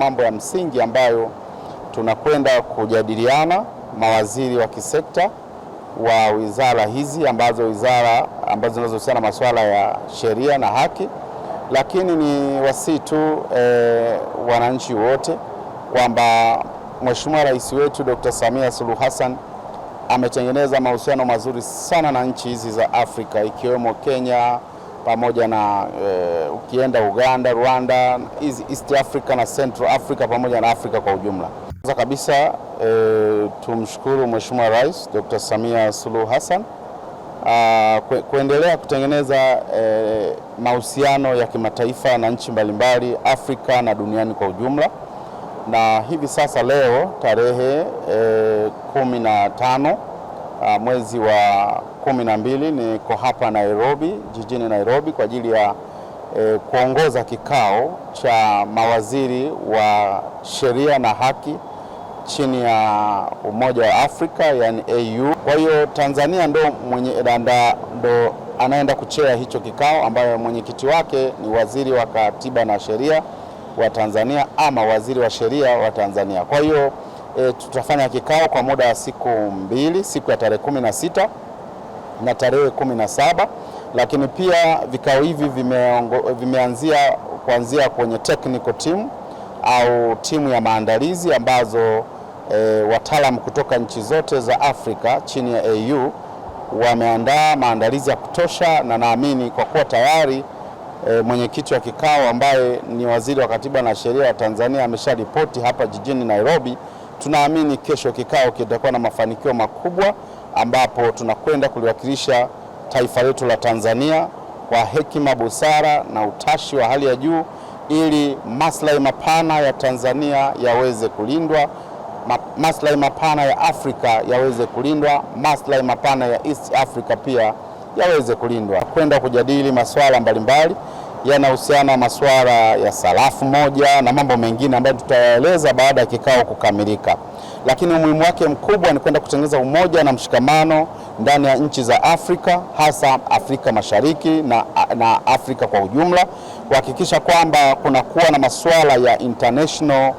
Mambo ya msingi ambayo tunakwenda kujadiliana mawaziri wa kisekta wa wizara hizi ambazo wizara ambazo zinazohusiana na masuala ya sheria na haki, lakini ni wasii tu e, wananchi wote kwamba Mheshimiwa Rais wetu Dr. Samia Suluhu Hassan ametengeneza mahusiano mazuri sana na nchi hizi za Afrika ikiwemo Kenya pamoja na e, ukienda Uganda, Rwanda, East Africa na Central Africa pamoja na Afrika kwa ujumla. Kwanza kabisa e, tumshukuru Mheshimiwa Rais Dr. Samia Suluhu Hassan ah, kwe, kuendelea kutengeneza e, mahusiano ya kimataifa na nchi mbalimbali Afrika na duniani kwa ujumla, na hivi sasa leo tarehe e, kumi na tano uh, mwezi wa kumi na mbili niko hapa Nairobi, jijini Nairobi kwa ajili ya eh, kuongoza kikao cha mawaziri wa sheria na haki chini ya Umoja wa Afrika yani AU. Kwa hiyo Tanzania ndo mwenye ndo anaenda kuchea hicho kikao, ambayo mwenyekiti wake ni waziri wa katiba na sheria wa Tanzania ama waziri wa sheria wa Tanzania. Kwa hiyo e, tutafanya kikao kwa muda wa siku mbili, siku ya tarehe kumi na sita na tarehe kumi na saba lakini pia vikao hivi vimeanzia vimeanzia kuanzia kwenye technical team au timu ya maandalizi ambazo e, wataalamu kutoka nchi zote za Afrika chini ya AU wameandaa maandalizi ya kutosha, na naamini kwa kuwa tayari e, mwenyekiti wa kikao ambaye ni waziri wa katiba na sheria wa Tanzania ripoti hapa jijini Nairobi. Tunaamini kesho kikao kitakuwa na mafanikio makubwa, ambapo tunakwenda kuliwakilisha taifa letu la Tanzania kwa hekima, busara na utashi wa hali ya juu, ili maslahi mapana ya Tanzania yaweze kulindwa, maslahi mapana ya Afrika yaweze kulindwa, maslahi mapana ya East Africa pia yaweze kulindwa, kwenda kujadili masuala mbalimbali yanahusiana na masuala ya sarafu moja na mambo mengine ambayo tutayaeleza baada ya kikao kukamilika, lakini umuhimu wake mkubwa ni kwenda kutengeneza umoja na mshikamano ndani ya nchi za Afrika hasa Afrika Mashariki na, na Afrika kwa ujumla kuhakikisha kwamba kunakuwa na masuala ya international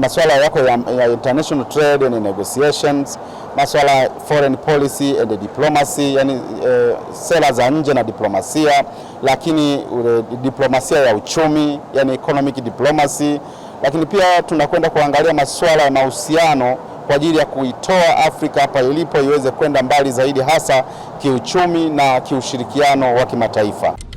masuala yako ya, ya international trade and negotiations, masuala foreign policy and diplomacy, yani eh, sera za nje na diplomasia, lakini ule diplomasia ya uchumi, yani economic diplomacy, lakini pia tunakwenda kuangalia masuala ya mahusiano kwa ajili ya kuitoa Afrika hapa ilipo iweze kwenda mbali zaidi hasa kiuchumi na kiushirikiano wa kimataifa.